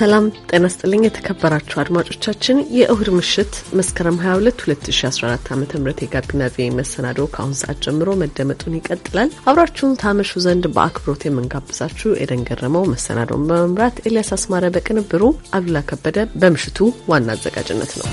ሰላም ጤና ስጥልኝ። የተከበራችሁ አድማጮቻችን የእሁድ ምሽት መስከረም 22 2014 ዓ ም የጋቢና ቪ መሰናዶ ከአሁን ሰዓት ጀምሮ መደመጡን ይቀጥላል። አብራችሁን ታመሹ ዘንድ በአክብሮት የምንጋብዛችሁ ኤደን ገረመው መሰናዶውን በመምራት ኤልያስ አስማረ በቅንብሩ፣ አሉላ ከበደ በምሽቱ ዋና አዘጋጅነት ነው።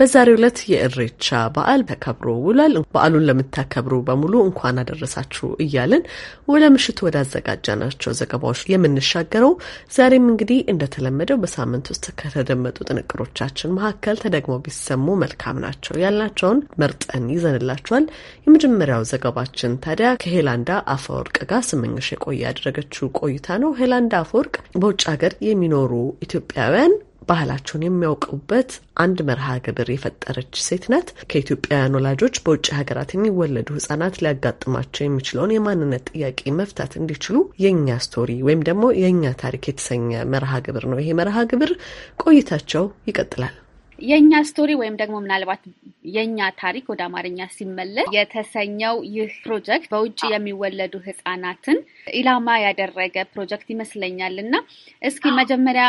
በዛሬ ዕለት የእሬቻ በዓል ተከብሮ ውሏል። በዓሉን ለምታከብሩ በሙሉ እንኳን አደረሳችሁ እያልን ወደ ምሽቱ ወዳዘጋጃናቸው ዘገባዎች የምንሻገረው ዛሬም እንግዲህ እንደተለመደው በሳምንት ውስጥ ከተደመጡ ጥንቅሮቻችን መካከል ተደግሞ ቢሰሙ መልካም ናቸው ያልናቸውን መርጠን ይዘንላችኋል። የመጀመሪያው ዘገባችን ታዲያ ከሄላንዳ አፈወርቅ ጋር ስመኝሽ የቆየ ያደረገችው ቆይታ ነው። ሄላንዳ አፈወርቅ በውጭ ሀገር የሚኖሩ ኢትዮጵያውያን ባህላቸውን የሚያውቁበት አንድ መርሃ ግብር የፈጠረች ሴት ናት። ከኢትዮጵያውያን ወላጆች በውጭ ሀገራት የሚወለዱ ህጻናት ሊያጋጥማቸው የሚችለውን የማንነት ጥያቄ መፍታት እንዲችሉ የእኛ ስቶሪ ወይም ደግሞ የእኛ ታሪክ የተሰኘ መርሃ ግብር ነው። ይሄ መርሃ ግብር ቆይታቸው ይቀጥላል። የእኛ ስቶሪ ወይም ደግሞ ምናልባት የእኛ ታሪክ ወደ አማርኛ ሲመለስ የተሰኘው ይህ ፕሮጀክት በውጭ የሚወለዱ ህጻናትን ኢላማ ያደረገ ፕሮጀክት ይመስለኛል እና እስኪ መጀመሪያ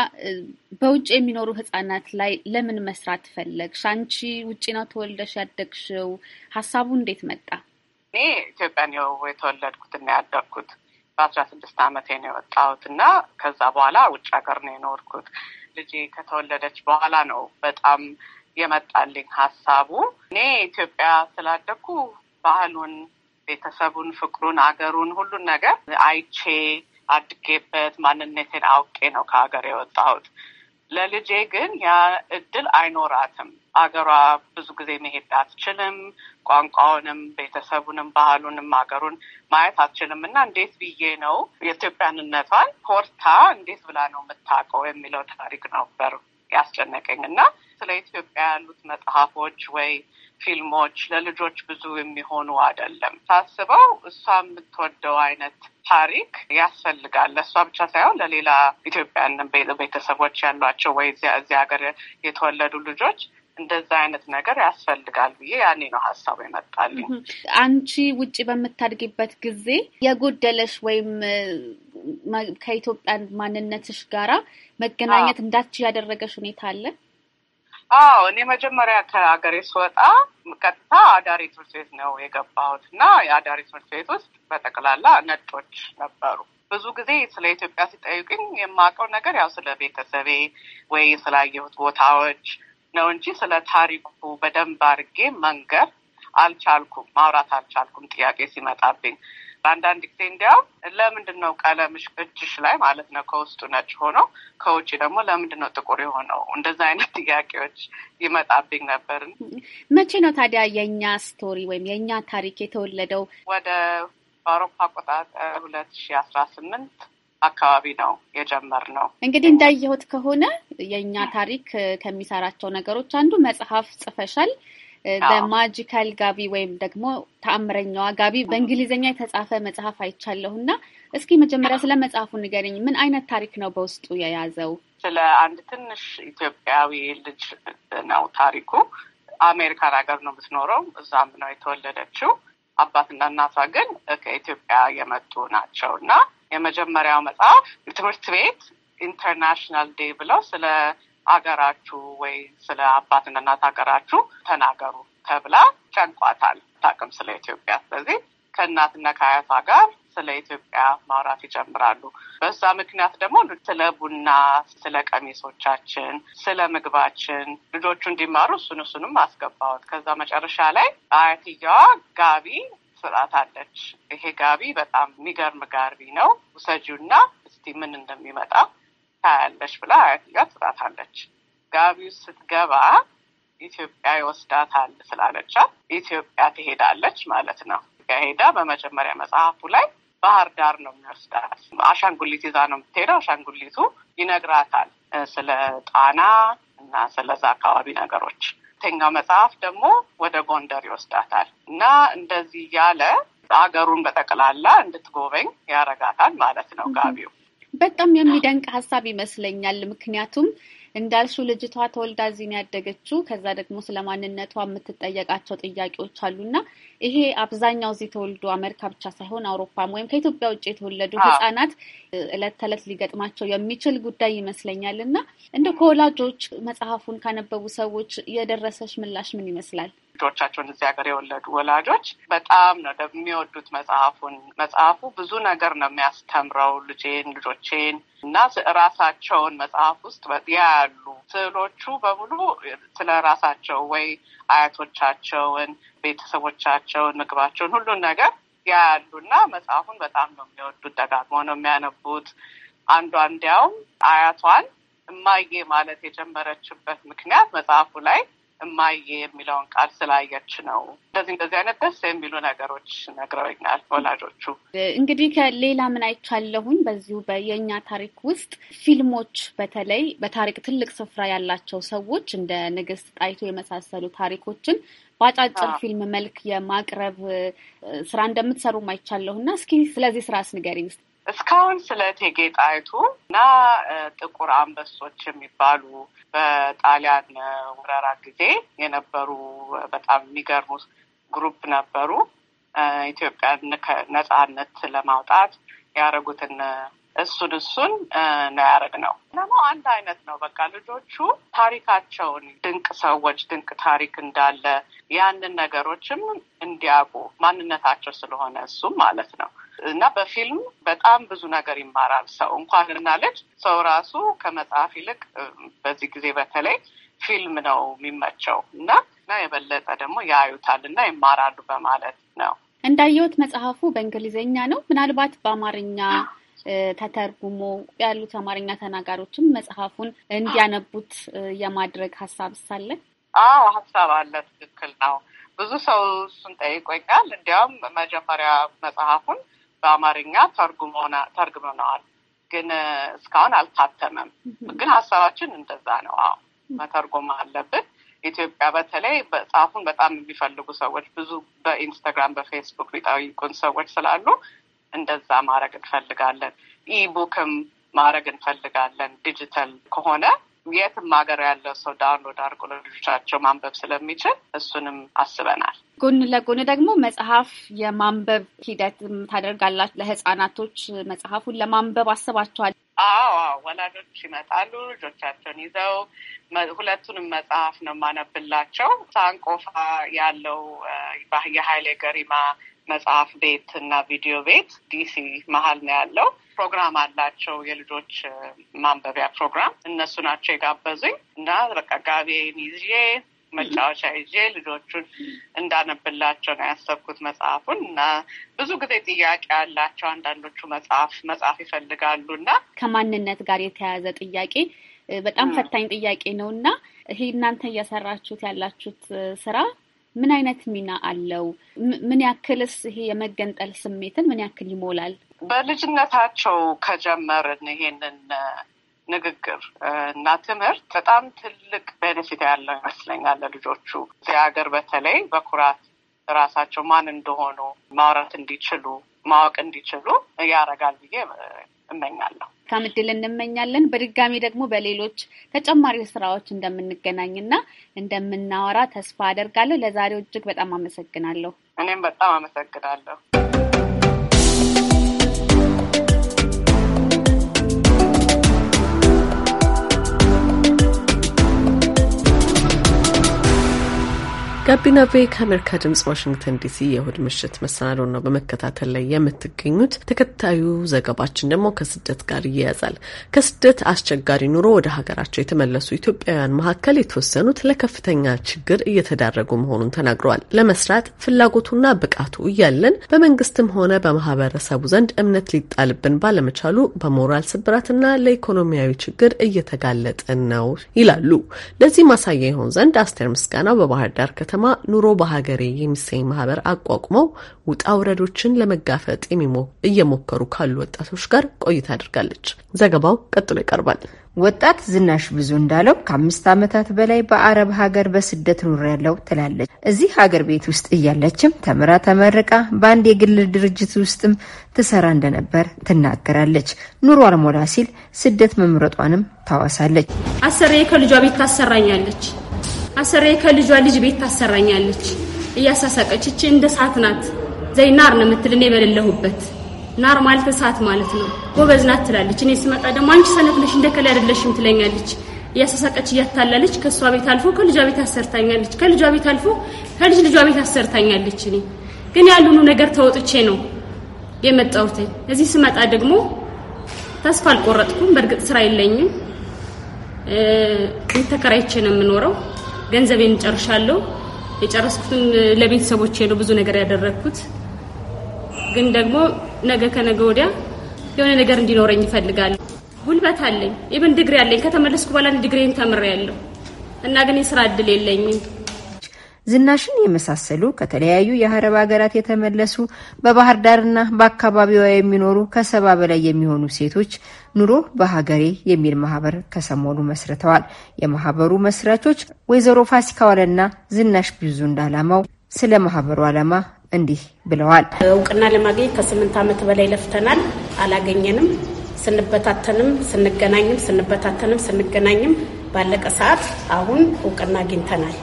በውጭ የሚኖሩ ህጻናት ላይ ለምን መስራት ፈለግሽ? አንቺ ውጭ ነው ተወልደሽ ያደግሽው። ሀሳቡ እንዴት መጣ? እኔ ኢትዮጵያ ነው የተወለድኩትና ያደግኩት። በአስራ ስድስት አመቴ ነው የወጣሁት እና ከዛ በኋላ ውጭ ሀገር ነው የኖርኩት ልጄ ከተወለደች በኋላ ነው በጣም የመጣልኝ ሀሳቡ። እኔ ኢትዮጵያ ስላደኩ ባህሉን፣ ቤተሰቡን፣ ፍቅሩን፣ አገሩን፣ ሁሉን ነገር አይቼ አድጌበት ማንነቴን አውቄ ነው ከሀገር የወጣሁት። ለልጄ ግን ያ እድል አይኖራትም። አገሯ ብዙ ጊዜ መሄድ አትችልም። ቋንቋውንም፣ ቤተሰቡንም፣ ባህሉንም አገሩን ማየት አትችልም እና እንዴት ብዬ ነው የኢትዮጵያንነቷን ኮርታ እንዴት ብላ ነው የምታውቀው የሚለው ታሪክ ነበር ያስጨነቀኝ እና ስለ ኢትዮጵያ ያሉት መጽሐፎች ወይ ፊልሞች ለልጆች ብዙ የሚሆኑ አይደለም። ሳስበው እሷ የምትወደው አይነት ታሪክ ያስፈልጋል። ለእሷ ብቻ ሳይሆን ለሌላ ኢትዮጵያን ቤተሰቦች ያሏቸው ወይ እዚህ ሀገር የተወለዱ ልጆች እንደዛ አይነት ነገር ያስፈልጋል ብዬ ያኔ ነው ሀሳቡ ይመጣልኝ። አንቺ ውጭ በምታድጊበት ጊዜ የጎደለሽ ወይም ከኢትዮጵያ ማንነትሽ ጋራ መገናኘት እንዳች ያደረገሽ ሁኔታ አለ? አዎ እኔ መጀመሪያ ከሀገሬ ስወጣ ቀጥታ አዳሪ ትምህርት ቤት ነው የገባሁት እና የአዳሪ ትምህርት ቤት ውስጥ በጠቅላላ ነጮች ነበሩ። ብዙ ጊዜ ስለ ኢትዮጵያ ሲጠይቅኝ የማውቀው ነገር ያው ስለ ቤተሰቤ ወይ ስላየሁት ቦታዎች ነው እንጂ ስለ ታሪኩ በደንብ አድርጌ መንገር አልቻልኩም፣ ማውራት አልቻልኩም ጥያቄ ሲመጣብኝ። አንዳንድ ጊዜ እንዲያውም ለምንድን ነው ቀለምሽ እጅሽ ላይ ማለት ነው ከውስጡ ነጭ ሆኖ ከውጭ ደግሞ ለምንድን ነው ጥቁር የሆነው? እንደዛ አይነት ጥያቄዎች ይመጣብኝ ነበር። መቼ ነው ታዲያ የእኛ ስቶሪ ወይም የእኛ ታሪክ የተወለደው? ወደ በአውሮፓ አቆጣጠር ሁለት ሺ አስራ ስምንት አካባቢ ነው የጀመርነው። እንግዲህ እንዳየሁት ከሆነ የእኛ ታሪክ ከሚሰራቸው ነገሮች አንዱ መጽሐፍ ጽፈሻል። በማጂካል ጋቢ ወይም ደግሞ ተአምረኛዋ ጋቢ በእንግሊዝኛ የተጻፈ መጽሐፍ አይቻለሁ እና እስኪ መጀመሪያ ስለ መጽሐፉ ንገረኝ። ምን አይነት ታሪክ ነው በውስጡ የያዘው? ስለ አንድ ትንሽ ኢትዮጵያዊ ልጅ ነው ታሪኩ። አሜሪካን ሀገር ነው የምትኖረው፣ እዛም ነው የተወለደችው። አባትና እናቷ ግን ከኢትዮጵያ የመጡ ናቸው እና የመጀመሪያው መጽሐፍ ትምህርት ቤት ኢንተርናሽናል ዴይ ብለው ስለ አገራችሁ ወይ ስለ አባትና እናት ሀገራችሁ ተናገሩ ተብላ ጨንቋታል። ታቅም ስለ ኢትዮጵያ ስለዚህ ከእናትና ከአያቷ ጋር ስለ ኢትዮጵያ ማውራት ይጀምራሉ። በዛ ምክንያት ደግሞ ስለ ቡና፣ ስለ ቀሚሶቻችን፣ ስለ ምግባችን ልጆቹ እንዲማሩ እሱን እሱንም አስገባሁት። ከዛ መጨረሻ ላይ አያትየዋ ጋቢ ስርዓት አለች። ይሄ ጋቢ በጣም የሚገርም ጋቢ ነው፣ ውሰጂውና እስቲ ምን እንደሚመጣ ታያለች ብላ አያትጋ ትላታለች። ጋቢው ስትገባ ኢትዮጵያ ይወስዳታል ስላለቻት ኢትዮጵያ ትሄዳለች ማለት ነው። ሄዳ በመጀመሪያ መጽሐፉ ላይ ባህር ዳር ነው የሚወስዳት። አሻንጉሊት ይዛ ነው የምትሄደው። አሻንጉሊቱ ይነግራታል ስለ ጣና እና ስለዛ አካባቢ ነገሮች። ሁለተኛው መጽሐፍ ደግሞ ወደ ጎንደር ይወስዳታል እና እንደዚህ እያለ አገሩን በጠቅላላ እንድትጎበኝ ያረጋታል ማለት ነው ጋቢው በጣም የሚደንቅ ሀሳብ ይመስለኛል። ምክንያቱም እንዳልሹ ልጅቷ ተወልዳ እዚህ ያደገችው። ከዛ ደግሞ ስለ ማንነቷ የምትጠየቃቸው ጥያቄዎች አሉና ይሄ አብዛኛው እዚህ ተወልዶ አሜሪካ ብቻ ሳይሆን አውሮፓም ወይም ከኢትዮጵያ ውጭ የተወለዱ ህጻናት እለት ተዕለት ሊገጥማቸው የሚችል ጉዳይ ይመስለኛል እና እንደ ከወላጆች መጽሐፉን ካነበቡ ሰዎች የደረሰች ምላሽ ምን ይመስላል? ልጆቻቸውን እዚህ ሀገር የወለዱ ወላጆች በጣም ነው የሚወዱት መጽሐፉን። መጽሐፉ ብዙ ነገር ነው የሚያስተምረው ልጄን፣ ልጆቼን እና ራሳቸውን መጽሐፍ ውስጥ ያሉ ስዕሎቹ በሙሉ ስለ ራሳቸው ወይ አያቶቻቸውን፣ ቤተሰቦቻቸውን፣ ምግባቸውን፣ ሁሉን ነገር ያሉና መጽሐፉን በጣም ነው የሚወዱት። ደጋግሞ ነው የሚያነቡት። አንዷ እንዲያውም አያቷን እማዬ ማለት የጀመረችበት ምክንያት መጽሐፉ ላይ እማዬ የሚለውን ቃል ስላየች ነው። እንደዚህ እንደዚህ አይነት ደስ የሚሉ ነገሮች ነግረውኛል ወላጆቹ። እንግዲህ ከሌላ ምን አይቻለሁኝ በዚሁ በየእኛ ታሪክ ውስጥ ፊልሞች፣ በተለይ በታሪክ ትልቅ ስፍራ ያላቸው ሰዎች እንደ ንግስት ጣይቱ የመሳሰሉ ታሪኮችን በአጫጭር ፊልም መልክ የማቅረብ ስራ እንደምትሰሩ አይቻለሁ እና እስኪ ስለዚህ ስራስ ውስጥ እስካሁን ስለ እቴጌ ጣይቱ እና ጥቁር አንበሶች የሚባሉ በጣሊያን ወረራ ጊዜ የነበሩ በጣም የሚገርሙ ግሩፕ ነበሩ። ኢትዮጵያን ነጻነት ለማውጣት ያደረጉትን እሱን እሱን ነው ነው። ደግሞ አንድ አይነት ነው በቃ ልጆቹ ታሪካቸውን ድንቅ ሰዎች ድንቅ ታሪክ እንዳለ ያንን ነገሮችም እንዲያውቁ ማንነታቸው ስለሆነ እሱም ማለት ነው እና በፊልም በጣም ብዙ ነገር ይማራል ሰው እንኳን እና ልጅ ሰው ራሱ ከመጽሐፍ ይልቅ በዚህ ጊዜ በተለይ ፊልም ነው የሚመቸው እና እና የበለጠ ደግሞ ያዩታል እና ይማራሉ በማለት ነው። እንዳየሁት መጽሐፉ በእንግሊዝኛ ነው። ምናልባት በአማርኛ ተተርጉሞ ያሉት አማርኛ ተናጋሪዎችም መጽሐፉን እንዲያነቡት የማድረግ ሀሳብ ሳለ? አዎ ሀሳብ አለ። ትክክል ነው። ብዙ ሰው እሱን ጠይቆኛል። እንዲያውም መጀመሪያ መጽሐፉን በአማርኛ ተርጉመነዋል፣ ግን እስካሁን አልታተመም። ግን ሀሳባችን እንደዛ ነው። አዎ መተርጎም አለብን። ኢትዮጵያ በተለይ መጽሐፉን በጣም የሚፈልጉ ሰዎች ብዙ በኢንስታግራም በፌስቡክ የሚጠይቁን ሰዎች ስላሉ እንደዛ ማድረግ እንፈልጋለን። ኢቡክም ማድረግ እንፈልጋለን ዲጂታል ከሆነ የትም ሀገር ያለ ሰው ዳውንሎድ አድርጎ ለልጆቻቸው ማንበብ ስለሚችል እሱንም አስበናል። ጎን ለጎን ደግሞ መጽሐፍ የማንበብ ሂደት ታደርጋላችሁ። ለህፃናቶች መጽሐፉን ለማንበብ አስባችኋል? አዎ፣ ወላጆች ይመጣሉ ልጆቻቸውን ይዘው። ሁለቱንም መጽሐፍ ነው የማነብላቸው። ሳንቆፋ ያለው የሀይሌ ገሪማ መጽሐፍ ቤት እና ቪዲዮ ቤት ዲሲ መሀል ነው ያለው። ፕሮግራም አላቸው፣ የልጆች ማንበቢያ ፕሮግራም። እነሱ ናቸው የጋበዙኝ እና በቃ ጋቤን ይዤ መጫወቻ ይዤ ልጆቹን እንዳነብላቸው ነው ያሰብኩት መጽሐፉን። እና ብዙ ጊዜ ጥያቄ ያላቸው አንዳንዶቹ መጽሐፍ መጽሐፍ ይፈልጋሉ እና ከማንነት ጋር የተያያዘ ጥያቄ በጣም ፈታኝ ጥያቄ ነው እና ይሄ እናንተ እየሰራችሁት ያላችሁት ስራ ምን አይነት ሚና አለው? ምን ያክልስ ይሄ የመገንጠል ስሜትን ምን ያክል ይሞላል? በልጅነታቸው ከጀመርን ይሄንን ንግግር እና ትምህርት በጣም ትልቅ ቤኔፊት ያለው ይመስለኛል ለልጆቹ እዚህ ሀገር በተለይ በኩራት ራሳቸው ማን እንደሆኑ ማውራት እንዲችሉ ማወቅ እንዲችሉ ያደርጋል ብዬ እመኛለሁ። መልካም እድል እንመኛለን። በድጋሚ ደግሞ በሌሎች ተጨማሪ ስራዎች እንደምንገናኝና እንደምናወራ ተስፋ አደርጋለሁ። ለዛሬው እጅግ በጣም አመሰግናለሁ። እኔም በጣም አመሰግናለሁ። ጋቢና ቤ ከአሜሪካ ድምጽ ዋሽንግተን ዲሲ የእሁድ ምሽት መሰናዶ ነው በመከታተል ላይ የምትገኙት። ተከታዩ ዘገባችን ደግሞ ከስደት ጋር ይያያዛል። ከስደት አስቸጋሪ ኑሮ ወደ ሀገራቸው የተመለሱ ኢትዮጵያውያን መካከል የተወሰኑት ለከፍተኛ ችግር እየተዳረጉ መሆኑን ተናግረዋል። ለመስራት ፍላጎቱና ብቃቱ እያለን በመንግስትም ሆነ በማህበረሰቡ ዘንድ እምነት ሊጣልብን ባለመቻሉ በሞራል ስብራትና ለኢኮኖሚያዊ ችግር እየተጋለጥን ነው ይላሉ። ለዚህ ማሳያ ይሆን ዘንድ አስቴር ምስጋናው በባህር ዳር ከተማ ኑሮ በሀገሬ የሚሰኝ ማህበር አቋቁመው ውጣ ውረዶችን ለመጋፈጥ እየሞከሩ ካሉ ወጣቶች ጋር ቆይታ አድርጋለች። ዘገባው ቀጥሎ ይቀርባል። ወጣት ዝናሽ ብዙ እንዳለው ከአምስት ዓመታት በላይ በአረብ ሀገር በስደት ኑሮ ያለው ትላለች። እዚህ ሀገር ቤት ውስጥ እያለችም ተምራ ተመርቃ በአንድ የግል ድርጅት ውስጥም ትሰራ እንደነበር ትናገራለች። ኑሮ አልሞላ ሲል ስደት መምረጧንም ታዋሳለች። አሰሬ ከልጇ ቤት ታሰራኛለች አሰሬ ከልጇ ልጅ ቤት ታሰራኛለች እያሳሳቀች እቺ እንደ ሰዓት ናት ዘይ ናር ነው የምትል እኔ በሌለሁበት ናር ማለት እሳት ማለት ነው። ጎበዝ ናት ትላለች። እኔ ስመጣ ደግሞ አንቺ ሰነፍ ነሽ እንደከላይ አይደለሽም ትለኛለች። እያሳሳቀች እያታላለች ከእሷ ቤት አልፎ ከልጇ ቤት አሰርታኛለች። ከልጇ ቤት አልፎ ከልጅ ልጇ ቤት አሰርታኛለች። እኔ ግን ያሉኑ ነገር ተወጥቼ ነው የመጣሁት። እዚህ ስመጣ ደግሞ ተስፋ አልቆረጥኩም። በእርግጥ ስራ የለኝም ተከራይቼ ነው የምኖረው። ገንዘቤን ጨርሻለሁ። የጨረስኩትን ለቤተሰቦች ሄዶ ብዙ ነገር ያደረግኩት። ግን ደግሞ ነገ ከነገ ወዲያ የሆነ ነገር እንዲኖረኝ ይፈልጋል። ጉልበት አለኝ፣ ኢቨን ዲግሪ አለኝ። ከተመለስኩ በኋላ ዲግሪን ተምሬያለሁ እና ግን የስራ እድል የለኝም። ዝናሽን የመሳሰሉ ከተለያዩ የአረብ ሀገራት የተመለሱ በባህር ዳርና በአካባቢዋ የሚኖሩ ከሰባ በላይ የሚሆኑ ሴቶች ኑሮ በሀገሬ የሚል ማህበር ከሰሞኑ መስርተዋል። የማህበሩ መስራቾች ወይዘሮ ፋሲካ ዋለና ዝናሽ ብዙ እንዳላማው ስለ ማህበሩ አላማ እንዲህ ብለዋል። እውቅና ለማግኘት ከስምንት ዓመት በላይ ለፍተናል፣ አላገኘንም። ስንበታተንም ስንገናኝም ስንበታተንም ስንገናኝም ባለቀ ሰዓት አሁን እውቅና አግኝተናል።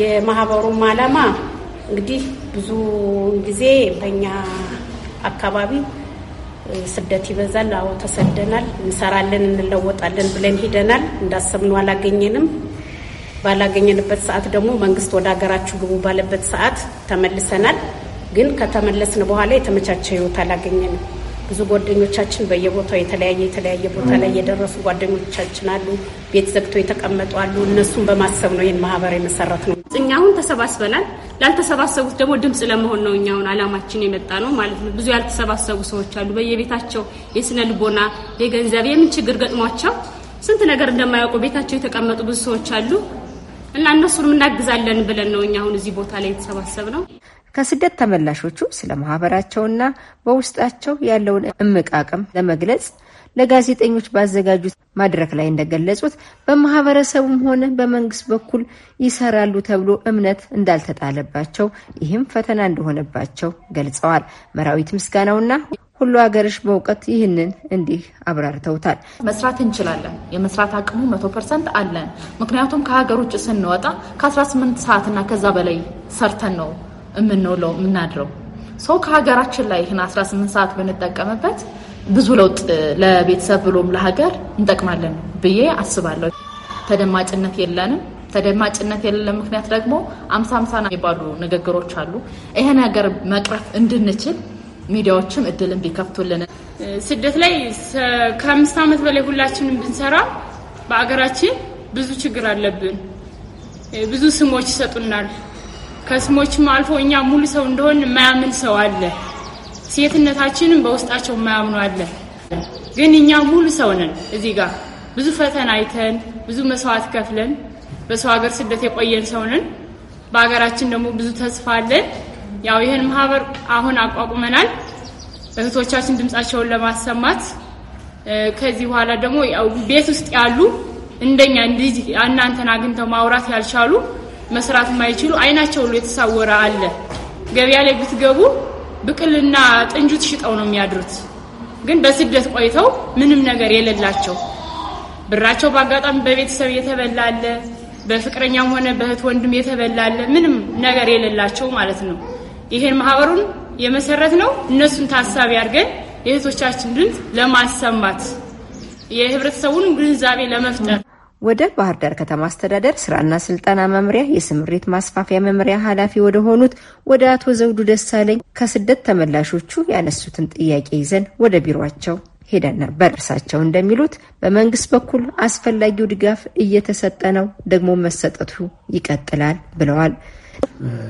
የማህበሩም አላማ እንግዲህ ብዙ ጊዜ በእኛ አካባቢ ስደት ይበዛል። አዎ ተሰደናል፣ እንሰራለን፣ እንለወጣለን ብለን ሂደናል። እንዳሰብነው አላገኘንም። ባላገኘንበት ሰዓት ደግሞ መንግስት ወደ ሀገራችሁ ግቡ ባለበት ሰዓት ተመልሰናል። ግን ከተመለስን በኋላ የተመቻቸ ህይወት አላገኘንም። ብዙ ጓደኞቻችን በየቦታው የተለያየ የተለያየ ቦታ ላይ የደረሱ ጓደኞቻችን አሉ። ቤት ዘግተው የተቀመጡ አሉ። እነሱን በማሰብ ነው ይህን ማህበር የመሰረት ነው። እኛ አሁን ተሰባስበናል። ላልተሰባሰቡት ደግሞ ድምፅ ለመሆን ነው እኛ አሁን አላማችን የመጣ ነው ማለት ነው። ብዙ ያልተሰባሰቡ ሰዎች አሉ። በየቤታቸው የስነ ልቦና፣ የገንዘብ፣ የምን ችግር ገጥሟቸው ስንት ነገር እንደማያውቁ ቤታቸው የተቀመጡ ብዙ ሰዎች አሉ እና እነሱንም እናግዛለን ብለን ነው እኛ አሁን እዚህ ቦታ ላይ የተሰባሰብ ነው። ከስደት ተመላሾቹ ስለ ማህበራቸውና በውስጣቸው ያለውን እምቅ አቅም ለመግለጽ ለጋዜጠኞች ባዘጋጁት መድረክ ላይ እንደገለጹት በማህበረሰቡም ሆነ በመንግስት በኩል ይሰራሉ ተብሎ እምነት እንዳልተጣለባቸው ይህም ፈተና እንደሆነባቸው ገልጸዋል። መራዊት ምስጋናውና ሁሉ ሀገርሽ በእውቀት ይህንን እንዲህ አብራርተውታል። መስራት እንችላለን። የመስራት አቅሙ መቶ ፐርሰንት አለን። ምክንያቱም ከሀገር ውጭ ስንወጣ ከ18 ሰዓትና ከዛ በላይ ሰርተን ነው የምንውለው የምናድረው ሰው ከሀገራችን ላይ ይህን 18 ሰዓት ብንጠቀምበት ብዙ ለውጥ ለቤተሰብ ብሎም ለሀገር እንጠቅማለን ብዬ አስባለሁ። ተደማጭነት የለንም። ተደማጭነት የሌለ ምክንያት ደግሞ አምሳ አምሳ የሚባሉ ንግግሮች አሉ። ይሄ ነገር መቅረፍ እንድንችል ሚዲያዎችም እድልን ቢከፍቱልን። ስደት ላይ ከአምስት ዓመት በላይ ሁላችንም ብንሰራ በአገራችን ብዙ ችግር አለብን። ብዙ ስሞች ይሰጡናል። ከስሞችም አልፎ እኛ ሙሉ ሰው እንደሆን የማያምን ሰው አለ። ሴትነታችንም በውስጣቸው የማያምኑ አለ። ግን እኛ ሙሉ ሰው ነን። እዚህ ጋር ብዙ ፈተና አይተን ብዙ መስዋዕት ከፍለን በሰው ሀገር ስደት የቆየን ሰው ነን። በሀገራችን ደግሞ ብዙ ተስፋ አለን። ያው ይህን ማህበር አሁን አቋቁመናል እህቶቻችን ድምጻቸውን ለማሰማት ከዚህ በኋላ ደግሞ ቤት ውስጥ ያሉ እንደኛ እናንተን አግኝተው ማውራት ያልቻሉ መስራት የማይችሉ አይናቸው ሁሉ የተሳወረ አለ። ገበያ ላይ ብትገቡ ብቅልና ጥንጁት ሽጠው ነው የሚያድሩት። ግን በስደት ቆይተው ምንም ነገር የሌላቸው ብራቸው በአጋጣሚ በቤተሰብ የተበላለ፣ በፍቅረኛም ሆነ በእህት ወንድም የተበላለ ምንም ነገር የሌላቸው ማለት ነው። ይሄን ማህበሩን የመሰረት ነው እነሱን ታሳቢ አድርገን የእህቶቻችን ድምፅ ለማሰማት የህብረተሰቡን ግንዛቤ ለመፍጠር ወደ ባህር ዳር ከተማ አስተዳደር ስራና ስልጠና መምሪያ የስምሪት ማስፋፊያ መምሪያ ኃላፊ ወደ ሆኑት ወደ አቶ ዘውዱ ደሳለኝ ከስደት ተመላሾቹ ያነሱትን ጥያቄ ይዘን ወደ ቢሮቸው ሄደን ነበር። እርሳቸው እንደሚሉት በመንግስት በኩል አስፈላጊው ድጋፍ እየተሰጠ ነው፣ ደግሞ መሰጠቱ ይቀጥላል ብለዋል።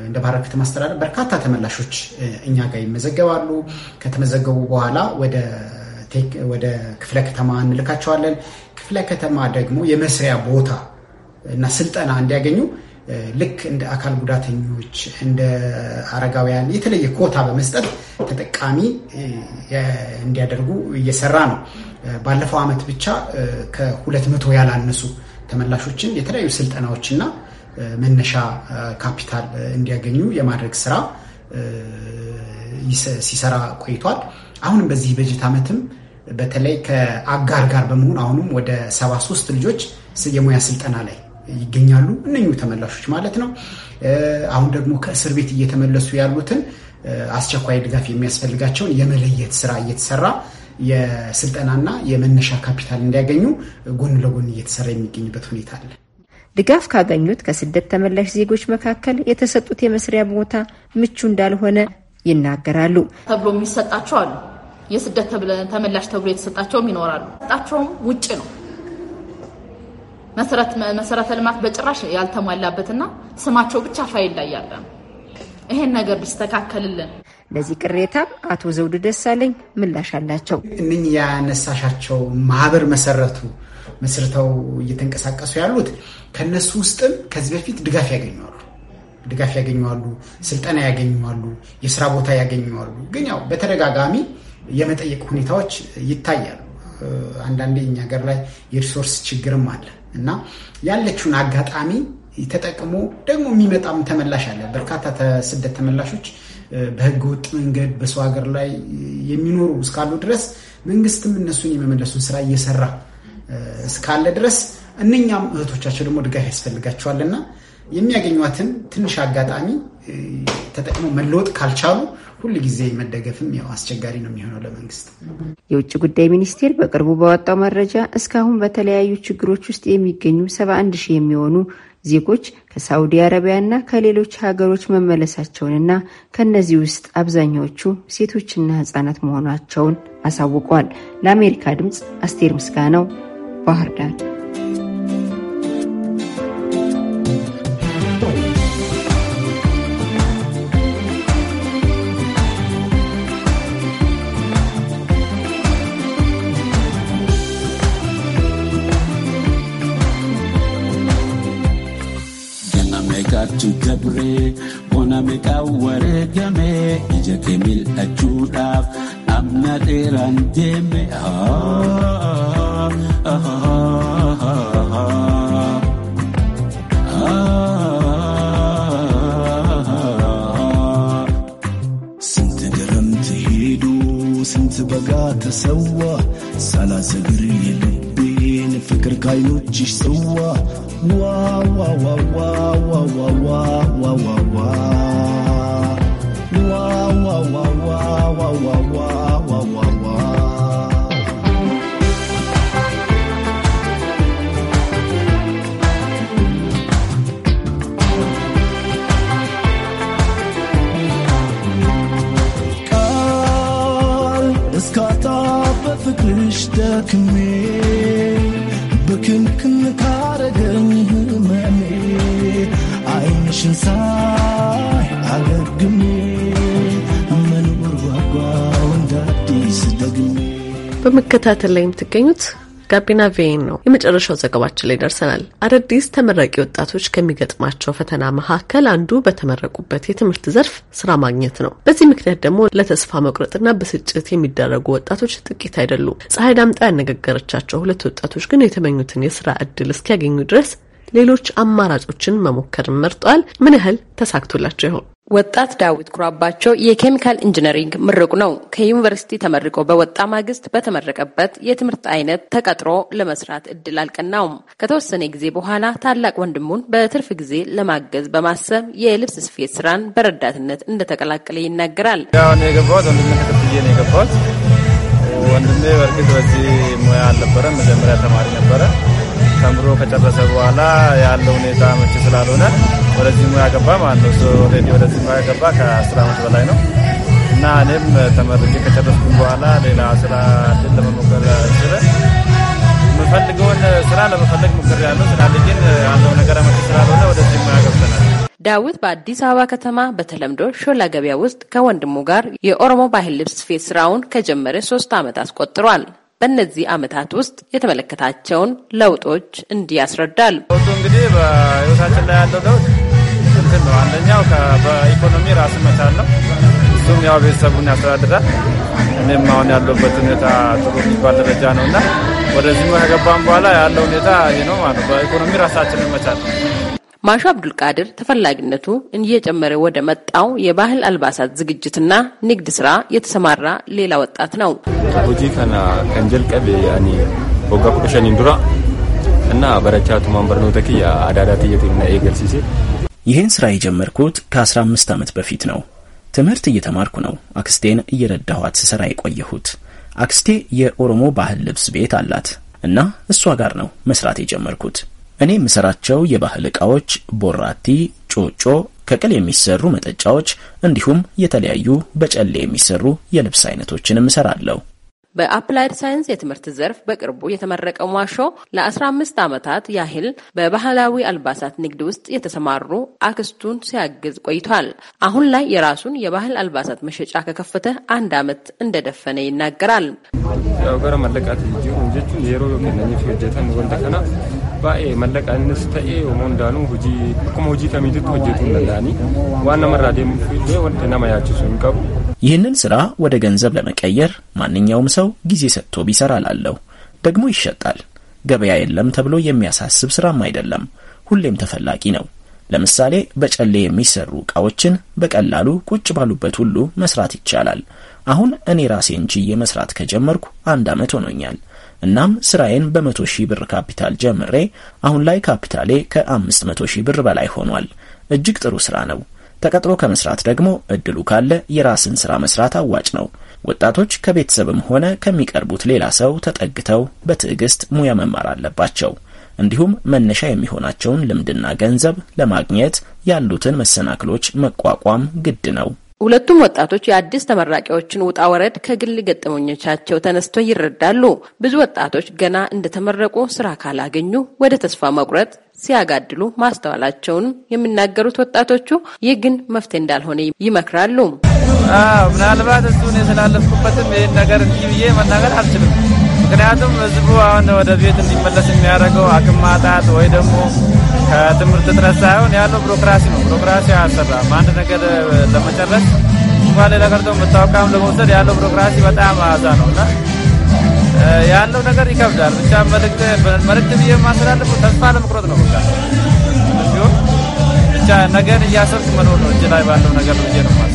እንደ ባህር ዳር ከተማ አስተዳደር በርካታ ተመላሾች እኛ ጋር ይመዘገባሉ። ከተመዘገቡ በኋላ ወደ ክፍለ ከተማ እንልካቸዋለን። ክፍለ ከተማ ደግሞ የመስሪያ ቦታ እና ስልጠና እንዲያገኙ ልክ እንደ አካል ጉዳተኞች እንደ አረጋውያን የተለየ ኮታ በመስጠት ተጠቃሚ እንዲያደርጉ እየሰራ ነው። ባለፈው ዓመት ብቻ ከሁለት መቶ ያላነሱ ተመላሾችን የተለያዩ ስልጠናዎችና መነሻ ካፒታል እንዲያገኙ የማድረግ ስራ ሲሰራ ቆይቷል። አሁንም በዚህ በጀት ዓመትም በተለይ ከአጋር ጋር በመሆን አሁንም ወደ 73 ልጆች የሙያ ስልጠና ላይ ይገኛሉ። እነኙ ተመላሾች ማለት ነው። አሁን ደግሞ ከእስር ቤት እየተመለሱ ያሉትን አስቸኳይ ድጋፍ የሚያስፈልጋቸውን የመለየት ስራ እየተሰራ የስልጠናና የመነሻ ካፒታል እንዲያገኙ ጎን ለጎን እየተሰራ የሚገኝበት ሁኔታ አለ። ድጋፍ ካገኙት ከስደት ተመላሽ ዜጎች መካከል የተሰጡት የመስሪያ ቦታ ምቹ እንዳልሆነ ይናገራሉ። ተብሎ የሚሰጣቸው አሉ የስደት ተመላሽ ተብሎ የተሰጣቸውም ይኖራሉ። ጣቸውም ውጭ ነው። መሰረተ ልማት በጭራሽ ያልተሟላበትና ስማቸው ብቻ ፋይል ላይ ያለ ነው። ይሄን ነገር ቢስተካከልልን። ለዚህ ቅሬታም አቶ ዘውዱ ደሳለኝ ምላሽ አላቸው። እነኚህ ያነሳሻቸው ማህበር መሰረቱ መስርተው እየተንቀሳቀሱ ያሉት ከነሱ ውስጥም ከዚህ በፊት ድጋፍ ያገኘዋሉ ድጋፍ ያገኘዋሉ፣ ስልጠና ያገኘዋሉ፣ የስራ ቦታ ያገኘዋሉ። ግን ያው በተደጋጋሚ የመጠየቅ ሁኔታዎች ይታያሉ። አንዳንዴ እኛ ሀገር ላይ የሪሶርስ ችግርም አለ እና ያለችውን አጋጣሚ ተጠቅሞ ደግሞ የሚመጣም ተመላሽ አለ። በርካታ ስደት ተመላሾች በህገ ወጥ መንገድ በሰው ሀገር ላይ የሚኖሩ እስካሉ ድረስ መንግስትም እነሱን የመመለሱን ስራ እየሰራ እስካለ ድረስ እነኛም እህቶቻቸው ደግሞ ድጋፍ እና የሚያገኟትን ትንሽ አጋጣሚ ተጠቅሞ መለወጥ ካልቻሉ ጊዜ መደገፍም ያው አስቸጋሪ ነው የሚሆነው ለመንግስት። የውጭ ጉዳይ ሚኒስቴር በቅርቡ ባወጣው መረጃ እስካሁን በተለያዩ ችግሮች ውስጥ የሚገኙ ሰባ አንድ ሺህ የሚሆኑ ዜጎች ከሳዑዲ አረቢያና ከሌሎች ሀገሮች መመለሳቸውንና ከእነዚህ ውስጥ አብዛኛዎቹ ሴቶችና ህጻናት መሆናቸውን አሳውቋል። ለአሜሪካ ድምፅ አስቴር ምስጋናው ባህር ዳር። meeqa wareegame ija kee mil'achuudhaaf amna dheeraan deeme. በጋ ተሰዋ ሰላሳ እግር የልቤን ፍቅር ካይኖችሽ ጽዋ ዋዋዋዋዋዋዋዋዋ ፍቅርሽተክሜ ብክንክን ካረገኝ ህመሜ ዓይንሽን ሳይ አለግም በመከታተል ላይ የምትገኙት ጋቢና ቬይን ነው። የመጨረሻው ዘገባችን ላይ ደርሰናል። አዳዲስ ተመራቂ ወጣቶች ከሚገጥማቸው ፈተና መካከል አንዱ በተመረቁበት የትምህርት ዘርፍ ስራ ማግኘት ነው። በዚህ ምክንያት ደግሞ ለተስፋ መቁረጥና ብስጭት የሚደረጉ ወጣቶች ጥቂት አይደሉም። ፀሐይ ዳምጣ ያነጋገረቻቸው ሁለት ወጣቶች ግን የተመኙትን የስራ እድል እስኪያገኙ ድረስ ሌሎች አማራጮችን መሞከር መርጧል። ምን ያህል ተሳክቶላቸው ይሆን? ወጣት ዳዊት ኩራባቸው የኬሚካል ኢንጂነሪንግ ምርቁ ነው። ከዩኒቨርሲቲ ተመርቆ በወጣ ማግስት በተመረቀበት የትምህርት አይነት ተቀጥሮ ለመስራት እድል አልቀናውም። ከተወሰነ ጊዜ በኋላ ታላቅ ወንድሙን በትርፍ ጊዜ ለማገዝ በማሰብ የልብስ ስፌት ስራን በረዳትነት እንደተቀላቀለ ይናገራል። ወንድሜ ወንድሜ በእርግጥ በዚህ ሙያ አልነበረም፣ መጀመሪያ ተማሪ ነበረ ተምሮ ከጨረሰ በኋላ ያለው ሁኔታ መቼ ስላልሆነ ወደዚህ ሙያ ገባ ማለት ነው። ኦልሬዲ ወደዚህ ሙያ ገባ ከአስር አመት በላይ ነው እና እኔም ተመርቄ ከጨረስኩኝ በኋላ ሌላ ስራ ድል ለመሞከር ስለ የምፈልገውን ስራ ለመፈለግ ሞክር ያለው ስላለ ግን ያለው ነገር መቼ ስላልሆነ ወደዚህ ሙያ ገብተናል። ዳዊት በአዲስ አበባ ከተማ በተለምዶ ሾላ ገበያ ውስጥ ከወንድሙ ጋር የኦሮሞ ባህል ልብስ ስፌት ስራውን ከጀመረ ሶስት ዓመት አስቆጥሯል። በእነዚህ ዓመታት ውስጥ የተመለከታቸውን ለውጦች እንዲህ ያስረዳል። ለውጡ እንግዲህ በህይወታችን ላይ ያለው ለውጥ እንትን ነው። አንደኛው በኢኮኖሚ ራስን መቻል ነው። እሱም ያው ቤተሰቡን ያስተዳድራል። እኔም አሁን ያለበት ሁኔታ ጥሩ የሚባል ደረጃ ነው እና ወደዚህ ከገባም በኋላ ያለው ሁኔታ ይህ ነው ማለት በኢኮኖሚ ራሳችንን መቻል ነው ማሾ አብዱልቃድር ተፈላጊነቱ እየጨመረ ወደ መጣው የባህል አልባሳት ዝግጅትና ንግድ ስራ የተሰማራ ሌላ ወጣት ነው። ሆጂ ከና ከንጀልቀብ ወጋ ቁሸን ዱራ እና በረቻ ቱማንበር ነው ተኪ አዳዳት የቴና ኤገልሲሴ ይህን ስራ የጀመርኩት ከ15 ዓመት በፊት ነው። ትምህርት እየተማርኩ ነው አክስቴን እየረዳኋት ስራ የቆየሁት። አክስቴ የኦሮሞ ባህል ልብስ ቤት አላት እና እሷ ጋር ነው መስራት የጀመርኩት። እኔ የምሰራቸው የባህል እቃዎች ቦራቲ፣ ጮጮ፣ ከቅል የሚሰሩ መጠጫዎች እንዲሁም የተለያዩ በጨሌ የሚሰሩ የልብስ አይነቶችን እሰራለሁ። በአፕላይድ ሳይንስ የትምህርት ዘርፍ በቅርቡ የተመረቀው ሟሾ ለ15 ዓመታት ያህል በባህላዊ አልባሳት ንግድ ውስጥ የተሰማሩ አክስቱን ሲያግዝ ቆይቷል። አሁን ላይ የራሱን የባህል አልባሳት መሸጫ ከከፈተ አንድ ዓመት እንደደፈነ ይናገራል። baay'ee mallaqaanis ta'ee uumoon daanuu hojii akkuma hojii kamiititti hojjetuu hin danda'anii waan namarraa deemuuf illee wanti nama yaachisu hin qabu. ይህንን ስራ ወደ ገንዘብ ለመቀየር ማንኛውም ሰው ጊዜ ሰጥቶ ቢሰራ ላለው ደግሞ ይሸጣል። ገበያ የለም ተብሎ የሚያሳስብ ስራም አይደለም፣ ሁሌም ተፈላጊ ነው። ለምሳሌ በጨሌ የሚሰሩ እቃዎችን በቀላሉ ቁጭ ባሉበት ሁሉ መስራት ይቻላል። አሁን እኔ ራሴን ችዬ መስራት ከጀመርኩ አንድ ዓመት ሆኖኛል። እናም ስራዬን በመቶ ሺህ ብር ካፒታል ጀምሬ አሁን ላይ ካፒታሌ ከአምስት መቶ ሺህ ብር በላይ ሆኗል። እጅግ ጥሩ ስራ ነው። ተቀጥሮ ከመስራት ደግሞ እድሉ ካለ የራስን ስራ መስራት አዋጭ ነው። ወጣቶች ከቤተሰብም ሆነ ከሚቀርቡት ሌላ ሰው ተጠግተው በትዕግስት ሙያ መማር አለባቸው። እንዲሁም መነሻ የሚሆናቸውን ልምድና ገንዘብ ለማግኘት ያሉትን መሰናክሎች መቋቋም ግድ ነው ሁለቱም ወጣቶች የአዲስ ተመራቂዎችን ውጣ ወረድ ከግል ገጠመኞቻቸው ተነስቶ ይረዳሉ። ብዙ ወጣቶች ገና እንደተመረቁ ስራ ካላገኙ ወደ ተስፋ መቁረጥ ሲያጋድሉ ማስተዋላቸውን የሚናገሩት ወጣቶቹ ይህ ግን መፍትሄ እንዳልሆነ ይመክራሉ። ምናልባት እሱ እኔ ስላለፍኩበትም ይህን ነገር እንዲህ ብዬ መናገር አልችልም። ምክንያቱም ህዝቡ አሁን ወደ ቤት እንዲመለስ የሚያደርገው አቅም ማጣት ወይ ደግሞ ከትምህርት ጥረት ሳይሆን ያለው ቢሮክራሲ ነው። ቢሮክራሲ አያሰራም። አንድ ነገር ለመጨረስ እንኳን ሌላ ቀርቶ መታወቂያም ለመውሰድ ያለው ቢሮክራሲ በጣም አዛ ነው እና ያለው ነገር ይከብዳል። ብቻ መልእክት ብዬ ማስተላለፍ ተስፋ ለመቁረጥ ነው። ብቻ ብቻ ነገን እያሰብክ መኖር ነው። እጅ ላይ ባለው ነገር ብዬ ነው ማስ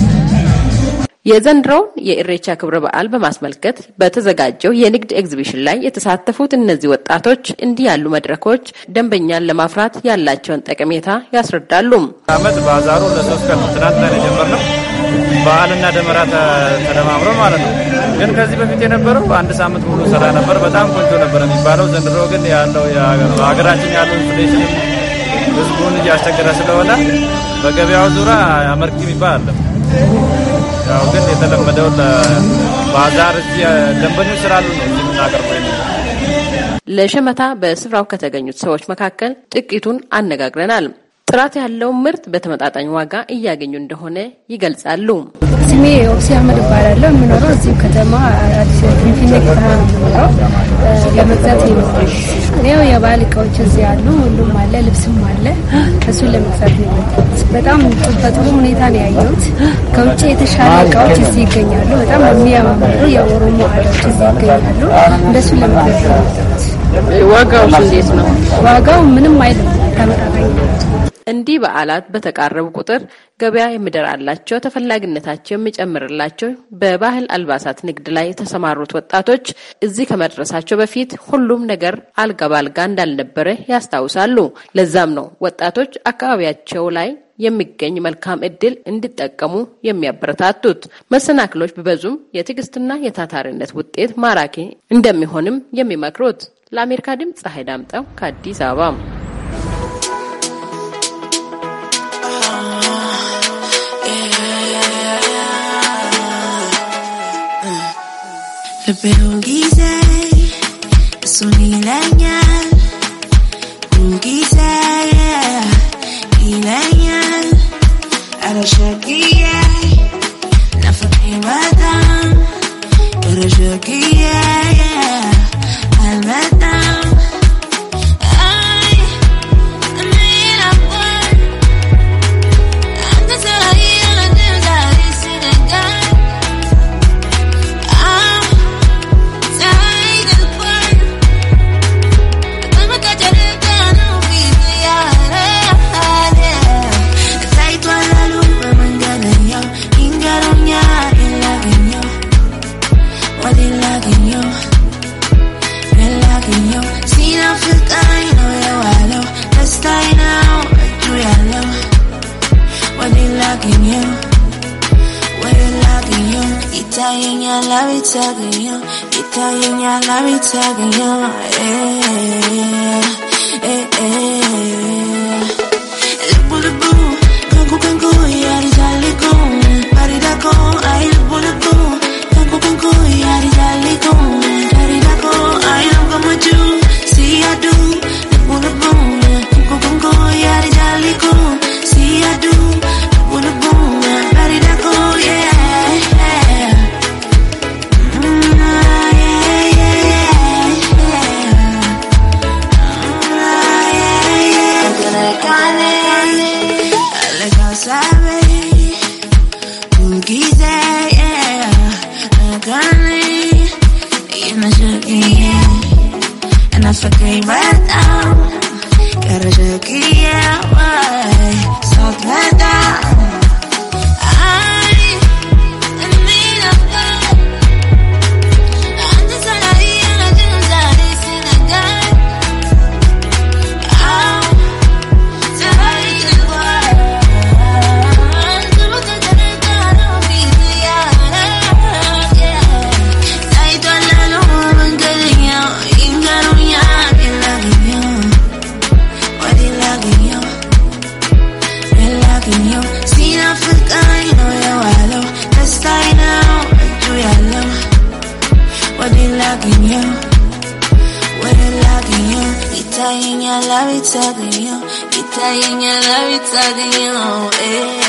የዘንድሮውን የኢሬቻ ክብረ በዓል በማስመልከት በተዘጋጀው የንግድ ኤግዚቢሽን ላይ የተሳተፉት እነዚህ ወጣቶች እንዲህ ያሉ መድረኮች ደንበኛን ለማፍራት ያላቸውን ጠቀሜታ ያስረዳሉ። አመት ባዛሩ ለሶስት ቀን ነው። ጀመር ነው የጀመርነው። በዓልና ደመራ ተደማምሮ ማለት ነው። ግን ከዚህ በፊት የነበረው አንድ ሳምንት ሙሉ ስራ ነበር። በጣም ቆንጆ ነበር የሚባለው። ዘንድሮ ግን ያለው ሀገራችን ያለው ኢንፍሌሽን ህዝቡን እያስቸገረ ስለሆነ በገበያው ዙሪያ አመርቂ የሚባል አለም ያው ግን የተለመደው ለባዛር ደንበኞች ስላሉ ነው እዚህ የምናቀርበው። ለሸመታ በስፍራው ከተገኙት ሰዎች መካከል ጥቂቱን አነጋግረናል። ጥራት ያለው ምርት በተመጣጣኝ ዋጋ እያገኙ እንደሆነ ይገልጻሉ። ስሜ ኦብሲ አህመድ እባላለሁ። የምኖረው እዚሁ ከተማ አዲስ ፊንፊኔ ከተማ ነው የምኖረው። ለመግዛት ነው ያው የባህል እቃዎች እዚህ አሉ፣ ሁሉም አለ፣ ልብስም አለ። እሱን ለመግዛት ነው። በጣም በጥሩ ሁኔታ ነው ያየሁት። ከውጭ የተሻለ እቃዎች እዚህ ይገኛሉ። በጣም የሚያማምሩ የኦሮሞ አዳዎች እዚህ ይገኛሉ። እንደሱን ለመግዛት ነው። ዋጋው እንዴት ነው? ዋጋው ምንም አይልም፣ ተመጣጣኝ ነው። እንዲህ በዓላት በተቃረቡ ቁጥር ገበያ የሚደራላቸው ተፈላጊነታቸው የሚጨምርላቸው በባህል አልባሳት ንግድ ላይ የተሰማሩት ወጣቶች እዚህ ከመድረሳቸው በፊት ሁሉም ነገር አልጋ ባልጋ እንዳልነበረ ያስታውሳሉ። ለዛም ነው ወጣቶች አካባቢያቸው ላይ የሚገኝ መልካም እድል እንዲጠቀሙ የሚያበረታቱት። መሰናክሎች ቢበዙም የትዕግስትና የታታሪነት ውጤት ማራኪ እንደሚሆንም የሚመክሩት። ለአሜሪካ ድምፅ ፀሐይ ዳምጠው ከአዲስ አበባ the build easy. It's only like talking you. We're locking you. Italian, I love it you. Italian, I love it you. eh, eh. and that's okay right now. Gotta check it out. It's like you, eh.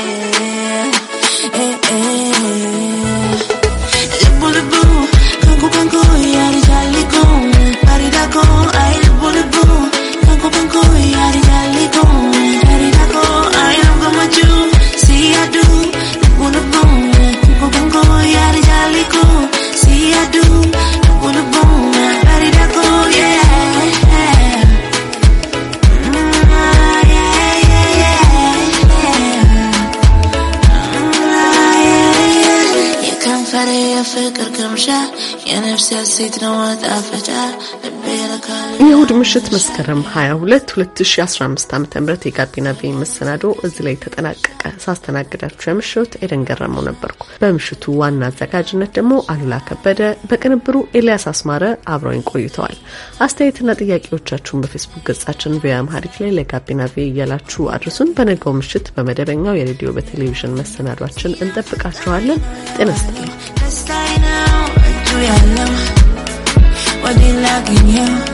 ምሽት መስከረም 22 2015 ዓ ም የጋቢና ቪ መሰናዶ እዚህ ላይ ተጠናቀቀ። ሳስተናግዳችሁ የምሽት ኤደን ገረመው ነበርኩ። በምሽቱ ዋና አዘጋጅነት ደግሞ አሉላ ከበደ፣ በቅንብሩ ኤልያስ አስማረ አብረውኝ ቆይተዋል። አስተያየትና ጥያቄዎቻችሁን በፌስቡክ ገጻችን አምሃሪክ ላይ ለጋቢና ቪ እያላችሁ አድርሱን። በነገው ምሽት በመደበኛው የሬዲዮ በቴሌቪዥን መሰናዷችን እንጠብቃችኋለን። ጤና ይስጥልኝ።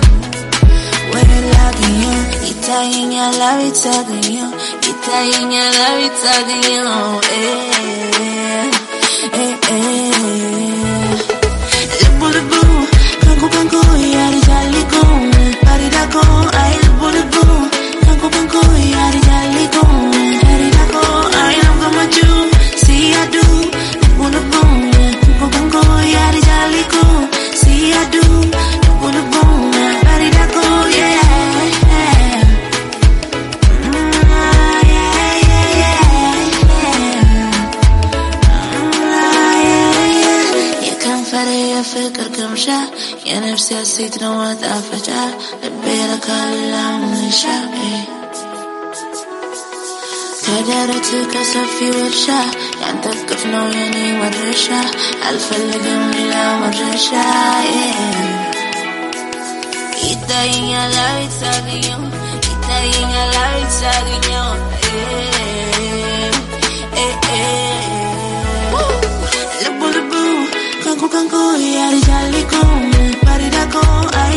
talking you, you dying, I love you talking you, ተደረትከ ሰፊ ውርሻ ያንተ እቅፍ ነው የኔ መድረሻ አልፈልግም ሌላ መድረሻ ይታየኛል አቤት ሳገኘው ይታየኛል አቤት ሳገኘው ልቡ ልቡ ከንኩ ከንኩ ያሪጃሊኮ ባሪዳኮ አይ